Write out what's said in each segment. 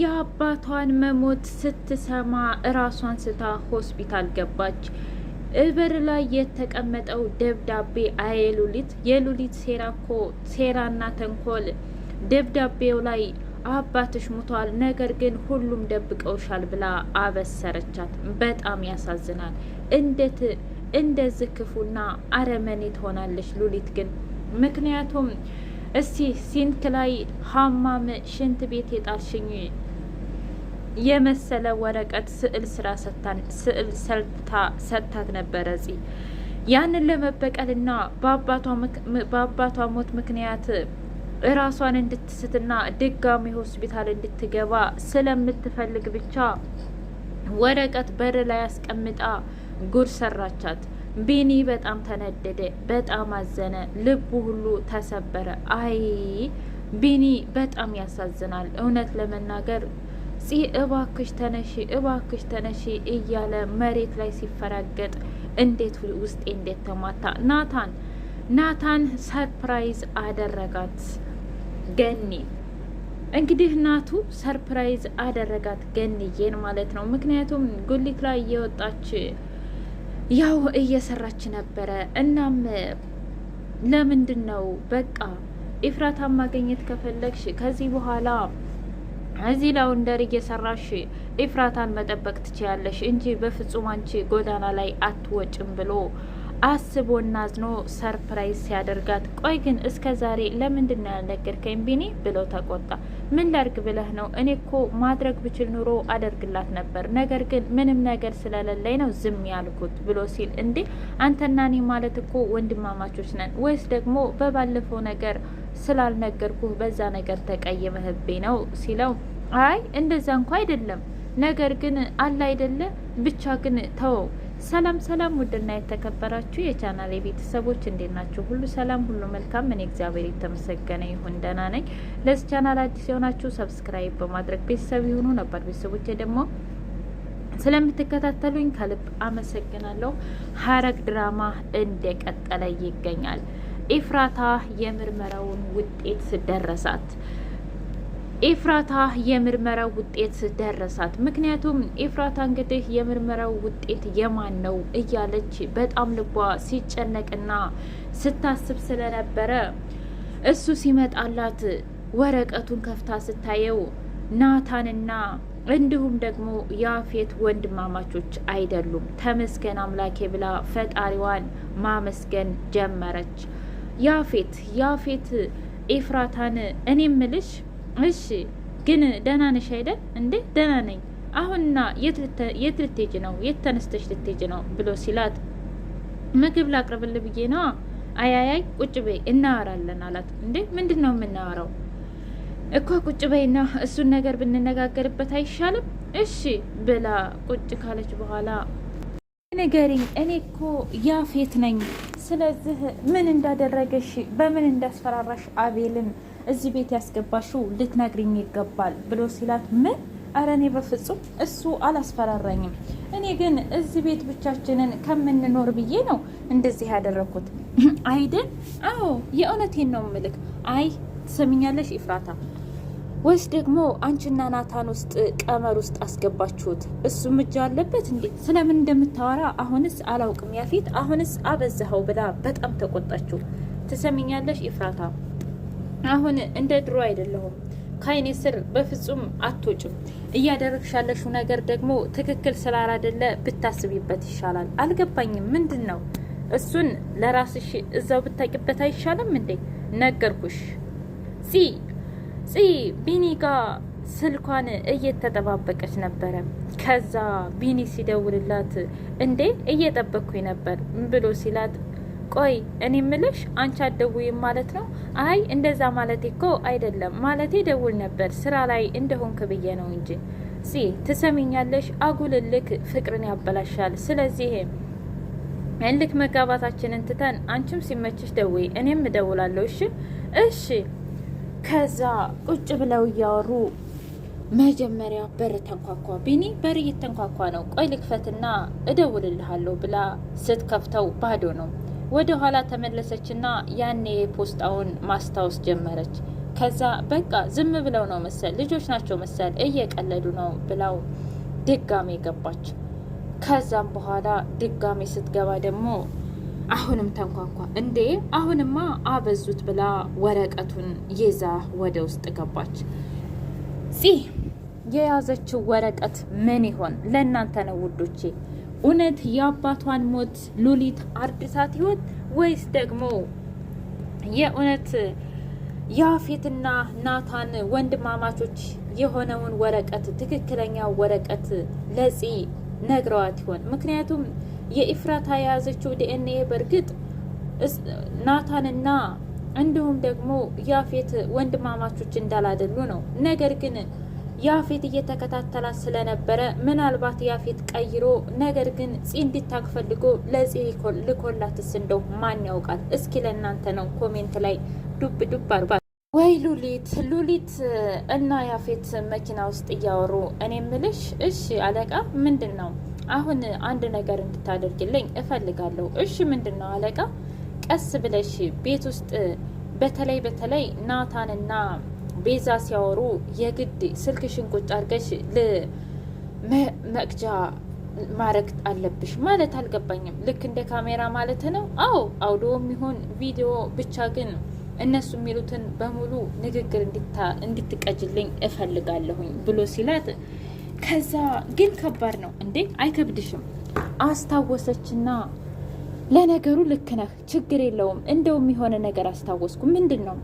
የአባቷን መሞት ስትሰማ እራሷን ስታ ሆስፒታል ገባች። እበር ላይ የተቀመጠው ደብዳቤ አየሉሊት የሉሊት ሴራ ሴራና ተንኮል ደብዳቤው ላይ አባትሽ ሙቷል፣ ነገር ግን ሁሉም ደብቀውሻል ብላ አበሰረቻት። በጣም ያሳዝናል። እንዴት እንደዚህ ክፉና አረመኔ ትሆናለች ሉሊት ግን ምክንያቱም እስቲ ሲንክ ላይ ሀማም ሽንት ቤት የጣልሽኝ የመሰለ ወረቀት ስዕል ስራ ስዕል ሰጥታት ነበረ ጺ ያንን ለመበቀልና በአባቷ ሞት ምክንያት እራሷን እንድትስትና ድጋሚ ሆስፒታል እንድትገባ ስለምትፈልግ ብቻ ወረቀት በር ላይ አስቀምጣ ጉድ ሰራቻት። ቢኒ በጣም ተነደደ፣ በጣም አዘነ፣ ልቡ ሁሉ ተሰበረ። አይ ቢኒ በጣም ያሳዝናል። እውነት ለመናገር ፂ እባክሽ ተነሺ፣ እባክሽ ተነሺ እያለ መሬት ላይ ሲፈራገጥ እንዴት ውስጤ እንዴት ተማታ። ናታን ናታን ሰርፕራይዝ አደረጋት ገኒ እንግዲህ ናቱ ሰርፕራይዝ አደረጋት ገንዬን ማለት ነው። ምክንያቱም ጉሊት ላይ እየወጣች ያው እየሰራች ነበረ። እናም ለምንድን ነው በቃ ኢፍራታን ማገኘት ከፈለግሽ ከዚህ በኋላ እዚህ ላውንደር እየሰራሽ ኢፍራታን መጠበቅ ትችያለሽ እንጂ በፍጹም አንቺ ጎዳና ላይ አትወጭም ብሎ አስቦና አዝኖ ሰርፕራይዝ ሲያደርጋት፣ ቆይ ግን እስከ ዛሬ ለምንድን ነው ያልነገርከኝ ቢኒ ብሎ ተቆጣ። ምን ላድርግ ብለህ ነው? እኔ እኮ ማድረግ ብችል ኑሮ አደርግላት ነበር፣ ነገር ግን ምንም ነገር ስለሌለኝ ነው ዝም ያልኩት ብሎ ሲል እንዴ አንተና እኔ ማለት እኮ ወንድማማቾች ነን ወይስ ደግሞ በባለፈው ነገር ስላልነገርኩህ በዛ ነገር ተቀየመህብኝ ነው ሲለው፣ አይ እንደዛ እንኳ አይደለም፣ ነገር ግን አለ አይደለ ብቻ ግን ተወው ሰላም ሰላም፣ ውድና የተከበራችሁ የቻናል የቤተሰቦች እንዴት ናችሁ? ሁሉ ሰላም፣ ሁሉ መልካም። እኔ እግዚአብሔር የተመሰገነ ይሁን ደህና ነኝ። ለዚህ ቻናል አዲስ የሆናችሁ ሰብስክራይብ በማድረግ ቤተሰብ ይሁኑ። ነባር ቤተሰቦቼ ደግሞ ስለምትከታተሉኝ ከልብ አመሰግናለሁ። ሐረግ ድራማ እንደቀጠለ ይገኛል። ኢፍራታ የምርመራውን ውጤት ደረሳት። ኤፍራታ የምርመራው ውጤት ደረሳት። ምክንያቱም ኤፍራታ እንግዲህ የምርመራው ውጤት የማን ነው እያለች በጣም ልቧ ሲጨነቅና ስታስብ ስለነበረ እሱ ሲመጣላት ወረቀቱን ከፍታ ስታየው ናታንና እንዲሁም ደግሞ ያፌት ወንድማማቾች አይደሉም። ተመስገን አምላኬ ብላ ፈጣሪዋን ማመስገን ጀመረች። ያፌት ያፌት ኤፍራታን እኔ ምልሽ እሺ ግን ደህና ነሽ አይደል እንዴ? ደህና ነኝ። አሁንና የት ልትሄጂ ነው? የት ተነስተሽ ልትሄጂ ነው ብሎ ሲላት ምግብ ላቅርብል ብዬ ነዋ። አያያይ ቁጭ በይ እናወራለን አላት። እንዴ ምንድን ነው የምናወራው? እኮ ቁጭ በይና እሱን ነገር ብንነጋገርበት አይሻልም? እሺ ብላ ቁጭ ካለች በኋላ ንገሪኝ፣ እኔ እኮ ያፌት ነኝ ስለዚህ ምን እንዳደረገሽ በምን እንዳስፈራራሽ አቤልን እዚህ ቤት ያስገባሽው ልትነግሪኝ ይገባል ብሎ ሲላት ምን አረ እኔ በፍጹም እሱ አላስፈራራኝም። እኔ ግን እዚህ ቤት ብቻችንን ከምንኖር ብዬ ነው እንደዚህ ያደረግኩት። አይደን? አዎ የእውነቴን ነው ምልክ። አይ ትሰሚኛለሽ ኤፍራታ ወይስ ደግሞ አንቺና ናታን ውስጥ ቀመር ውስጥ አስገባችሁት? እሱም እጅ አለበት እንዴ? ስለምን እንደምታወራ አሁንስ አላውቅም። ያፊት አሁንስ አበዛኸው ብላ በጣም ተቆጣችው። ትሰሚኛለሽ ይፍራታ፣ አሁን እንደ ድሮ አይደለሁም። ከአይኔ ስር በፍጹም አትወጭም። እያደረግሻለሹ ነገር ደግሞ ትክክል ስላላደለ ብታስቢበት ይሻላል። አልገባኝም። ምንድን ነው እሱን ለራስሽ እዛው ብታቂበት አይሻልም እንዴ? ነገርኩሽ ሲ ፂ ቢኒ ጋ ስልኳን እየተጠባበቀች ነበረ። ከዛ ቢኒ ሲደውልላት እንዴ እየጠበቅኩኝ ነበር ብሎ ሲላት ቆይ እኔ ምልሽ አንቺ አደውይም ማለት ነው? አይ እንደዛ ማለቴ እኮ አይደለም። ማለቴ ደውል ነበር ስራ ላይ እንደሆንክ ብዬ ነው እንጂ ፂ ትሰሚኛለሽ፣ አጉልልክ ፍቅርን ያበላሻል። ስለዚህ እልክ መጋባታችንን ትተን አንቺም ሲመችሽ ደውይ፣ እኔም እደውላለሁ። እሺ እሺ ከዛ ቁጭ ብለው እያወሩ መጀመሪያ በር ተንኳኳ። ቢኒ በር እየተንኳኳ ነው፣ ቆይ ልክፈትና እደውልልሃለሁ ብላ ስትከፍተው ባዶ ነው። ወደ ኋላ ተመለሰችና ያኔ የፖስጣውን ማስታወስ ጀመረች። ከዛ በቃ ዝም ብለው ነው መሰል ልጆች ናቸው መሰል እየቀለዱ ነው ብላው ድጋሜ ገባች። ከዛም በኋላ ድጋሜ ስትገባ ደግሞ አሁንም ተንኳኳ። እንዴ አሁንማ አበዙት ብላ ወረቀቱን ይዛ ወደ ውስጥ ገባች። ፂ የያዘችው ወረቀት ምን ይሆን? ለእናንተ ነው ውዶቼ። እውነት የአባቷን ሞት ሉሊት አርድሳት ይሆን ወይስ ደግሞ የእውነት ያፌትና ናታን ወንድማማቾች የሆነውን ወረቀት ትክክለኛ ወረቀት ለፂ ነግረዋት ይሆን? ምክንያቱም የኢፍራታ የያዘችው ዲኤንኤ በእርግጥ ናታንና እንዲሁም ደግሞ ያፌት ወንድማማቾች እንዳላደሉ ነው። ነገር ግን ያፌት እየተከታተላት ስለነበረ ምናልባት ያፌት ቀይሮ ነገር ግን ፂ እንዲታክ ፈልጎ ለፂ ልኮላትስ እንደው ማን ያውቃል? እስኪ ለእናንተ ነው። ኮሜንት ላይ ዱብ ዱብ አርጓል ወይ ሉሊት ሉሊት እና ያፌት መኪና ውስጥ እያወሩ እኔ ምልሽ እሺ አለቃ ምንድን ነው አሁን አንድ ነገር እንድታደርግልኝ እፈልጋለሁ። እሺ ምንድን ነው አለቃ? ቀስ ብለሽ ቤት ውስጥ በተለይ በተለይ ናታንና ቤዛ ሲያወሩ የግድ ስልክሽን ቁጭ አድርገሽ ለመቅጃ ማድረግ አለብሽ ማለት አልገባኝም። ልክ እንደ ካሜራ ማለት ነው? አዎ አውዶም ይሁን ቪዲዮ ብቻ ግን እነሱ የሚሉትን በሙሉ ንግግር እንድትቀጅልኝ እፈልጋለሁኝ ብሎ ሲላት ከዛ ግን ከባድ ነው እንዴ አይከብድሽም? አስታወሰችና ለነገሩ ልክ ነህ፣ ችግር የለውም እንደውም የሆነ ነገር አስታወስኩ። ምንድን ነው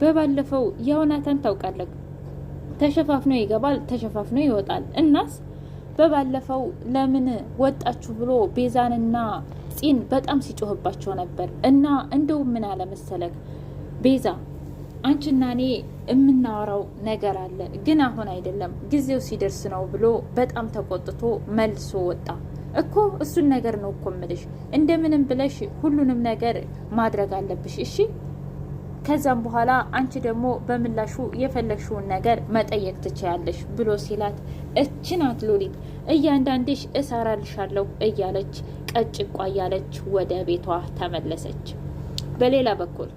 በባለፈው የሆናታን ታውቃለህ፣ ተሸፋፍኖ ይገባል፣ ተሸፋፍኖ ይወጣል። እናስ በባለፈው ለምን ወጣችሁ ብሎ ቤዛንና ፂን በጣም ሲጮህባቸው ነበር። እና እንደውም ምን አለመሰለህ ቤዛ አንቺና እኔ የምናወራው ነገር አለ፣ ግን አሁን አይደለም ጊዜው ሲደርስ ነው ብሎ በጣም ተቆጥቶ መልሶ ወጣ። እኮ እሱን ነገር ነው እኮ እምልሽ፣ እንደምንም ብለሽ ሁሉንም ነገር ማድረግ አለብሽ እሺ። ከዛም በኋላ አንቺ ደግሞ በምላሹ የፈለግሽውን ነገር መጠየቅ ትችያለሽ ብሎ ሲላት፣ እችናት ሉሊት እያንዳንድሽ እሰራልሻለሁ እያለች ቀጭቋ እያለች ወደ ቤቷ ተመለሰች። በሌላ በኩል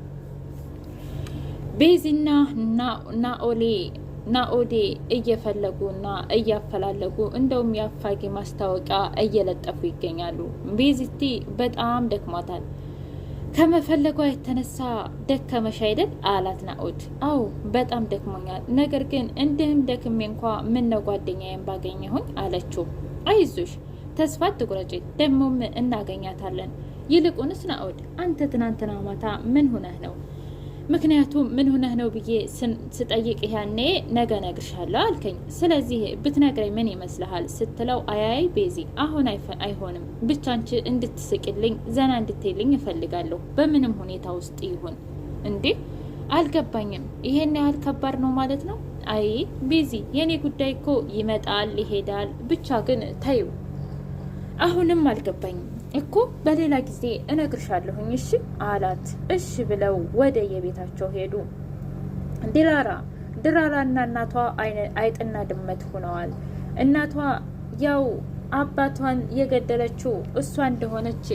ቤዚና ናኦሌ ናኦዴ እየፈለጉና እያፈላለጉ እንደውም የአፋጌ ማስታወቂያ እየለጠፉ ይገኛሉ። ቤዚቲ በጣም ደክሟታል። ከመፈለጓ የተነሳ ደከመሽ አይደል አላት ናኦድ። አዎ በጣም ደክሞኛል፣ ነገር ግን እንዲህም ደክሜ እንኳ ምነው ጓደኛዬን ባገኘሁኝ አለችው። አይዞሽ፣ ተስፋ አትቁረጪ፣ ደግሞም እናገኛታለን። ይልቁንስ ናኦድ አንተ ትናንትና ማታ ምን ሁነህ ነው ምክንያቱም ምን ሆነህ ነው ብዬ ስጠይቅ ያኔ ነገ ነግርሻለሁ አልከኝ። ስለዚህ ብትነግረኝ ምን ይመስልሃል ስትለው አያይ ቤዚ፣ አሁን አይሆንም። ብቻ አንቺ እንድትስቅልኝ ዘና እንድትይልኝ እፈልጋለሁ በምንም ሁኔታ ውስጥ ይሁን። እንዴ አልገባኝም። ይሄን ያህል ከባድ ነው ማለት ነው? አይ ቤዚ፣ የእኔ ጉዳይ እኮ ይመጣል ይሄዳል። ብቻ ግን ተይው። አሁንም አልገባኝም እኮ በሌላ ጊዜ እነግርሻለሁኝ እሺ አላት። እሺ ብለው ወደ የቤታቸው ሄዱ። ድራራ ድራራና እናቷ አይጥና ድመት ሆነዋል። እናቷ ያው አባቷን የገደለችው እሷ እንደሆነች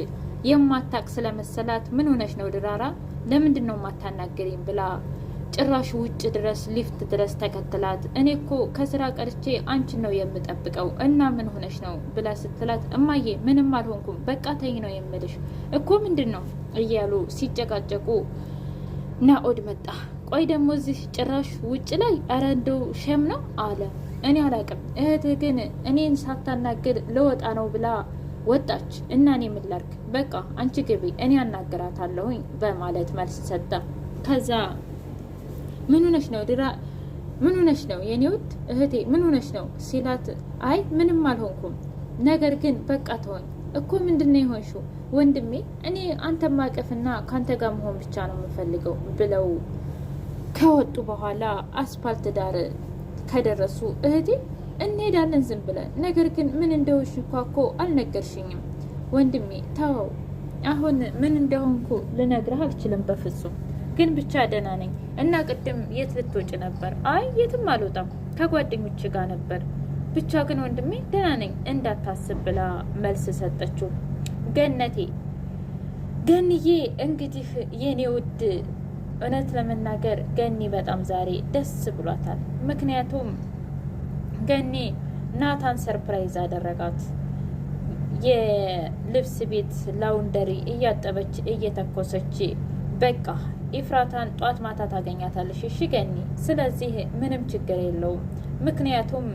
የማታቅ ስለመሰላት ምን ሆነች ነው ድራራ፣ ለምንድን ነው የማታናገሪኝ ብላ ጭራሽ ውጭ ድረስ ሊፍት ድረስ ተከትላት እኔ እኮ ከስራ ቀርቼ አንቺን ነው የምጠብቀው እና ምን ሆነሽ ነው ብላ ስትላት እማዬ ምንም አልሆንኩም በቃ ተኝ ነው የምልሽ እኮ ምንድን ነው እያሉ ሲጨቃጨቁ ናኦድ መጣ ቆይ ደግሞ እዚህ ጭራሽ ውጭ ላይ አረ እንደው ሸም ነው አለ እኔ አላቅም እህትህ ግን እኔን ሳታናግድ ለወጣ ነው ብላ ወጣች እና እኔ ምን ላድርግ በቃ አንቺ ግቢ እኔ አናግራታለሁኝ በማለት መልስ ሰጠ ከዛ ምን ሆነሽ ነው ድራ ምን ሆነሽ ነው የኔ ውድ እህቴ ምን ሆነሽ ነው ሲላት፣ አይ ምንም አልሆንኩም፣ ነገር ግን በቃ ተሆን እኮ ምንድን ነው የሆንሽው ወንድሜ? እኔ አንተ ማቀፍና ከአንተ ጋር መሆን ብቻ ነው የምፈልገው ብለው ከወጡ በኋላ አስፓልት ዳር ከደረሱ እህቴ እንሄዳለን ዝም ብለን፣ ነገር ግን ምን እንደሆንሽ እንኳ እኮ አልነገርሽኝም ወንድሜ። ተው አሁን ምን እንደሆንኩ ልነግርህ አልችልም በፍጹም ግን ብቻ ደህና ነኝ። እና ቅድም የት ልትወጭ ነበር? አይ የትም አልወጣም ከጓደኞች ጋር ነበር። ብቻ ግን ወንድሜ ደህና ነኝ እንዳታስብ ብላ መልስ ሰጠችው። ገነቴ ገንዬ፣ እንግዲህ የኔ ውድ፣ እውነት ለመናገር ገኒ በጣም ዛሬ ደስ ብሏታል። ምክንያቱም ገኒ ናታን ሰርፕራይዝ አደረጋት። የልብስ ቤት ላውንደሪ እያጠበች እየተኮሰች በቃ ኢፍራታን ጧት ማታ ታገኛታለሽ። እሺ ገኒ፣ ስለዚህ ምንም ችግር የለውም። ምክንያቱም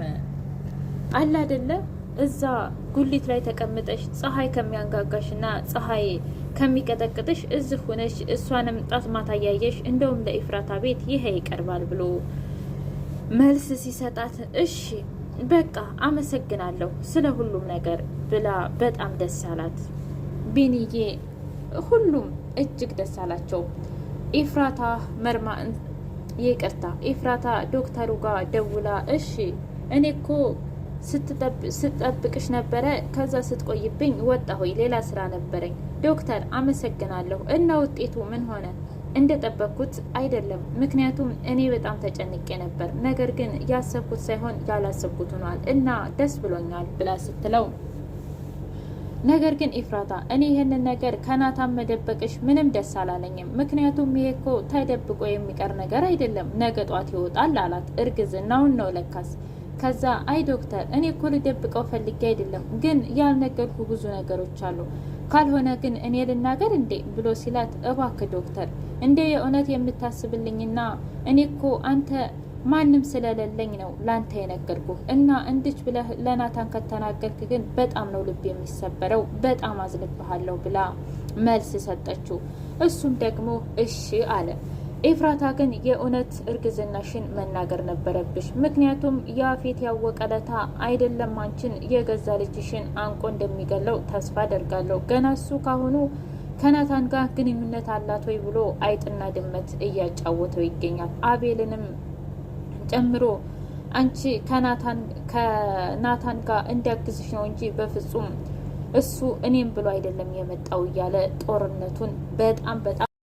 አለ አይደለ እዛ ጉሊት ላይ ተቀምጠሽ ፀሐይ ከሚያንጋጋሽ እና ፀሐይ ከሚቀጠቅጥሽ እዚህ ሆነሽ እሷንም ጣት ማታ እያየሽ እንደውም ለኢፍራታ ቤት ይሄ ይቀርባል ብሎ መልስ ሲሰጣት እሺ በቃ አመሰግናለሁ ስለ ሁሉም ነገር ብላ በጣም ደስ አላት ቢንዬ። ሁሉም እጅግ ደስ አላቸው። ኤፍራታ መርማ ይቅርታ ኤፍራታ ዶክተሩ ጋር ደውላ እሺ እኔ እኮ ስትጠብቅሽ ነበረ፣ ከዛ ስትቆይብኝ ወጣ ሆይ ሌላ ስራ ነበረኝ። ዶክተር አመሰግናለሁ። እና ውጤቱ ምን ሆነ? እንደጠበቅኩት አይደለም። ምክንያቱም እኔ በጣም ተጨንቄ ነበር፣ ነገር ግን ያሰብኩት ሳይሆን ያላሰብኩት ሆኗል እና ደስ ብሎኛል ብላ ስትለው ነገር ግን ኢፍራታ እኔ ይህንን ነገር ከናታን መደበቅሽ ምንም ደስ አላለኝም። ምክንያቱም ይሄ እኮ ተደብቆ የሚቀር ነገር አይደለም፣ ነገ ጧት ይወጣል አላት። እርግዝናውን ነው ለካስ። ከዛ አይ ዶክተር፣ እኔ እኮ ልደብቀው ፈልጌ አይደለም፣ ግን ያልነገርኩ ብዙ ነገሮች አሉ። ካልሆነ ግን እኔ ልናገር እንዴ ብሎ ሲላት፣ እባክ ዶክተር እንዴ የእውነት የምታስብልኝና እኔ እኮ አንተ ማንም ስለሌለኝ ነው ላንተ የነገርኩህ እና እንድች ብለህ ለናታን ከተናገርክ ግን በጣም ነው ልብ የሚሰበረው፣ በጣም አዝንብሃለሁ ብላ መልስ ሰጠችው። እሱም ደግሞ እሺ አለ። ኤፍራታ ግን የእውነት እርግዝናሽን መናገር ነበረብሽ። ምክንያቱም ያፌት ያወቀ ለታ አይደለም አንቺን የገዛ ልጅሽን አንቆ እንደሚገለው ተስፋ አደርጋለሁ። ገና እሱ ካሁኑ ከናታን ጋር ግንኙነት አላት ወይ ብሎ አይጥና ድመት እያጫወተው ይገኛል። አቤልንም ጨምሮ አንቺ ከናታን ጋር እንዲያግዝሽ ነው እንጂ በፍጹም እሱ እኔም ብሎ አይደለም የመጣው እያለ ጦርነቱን በጣም በጣም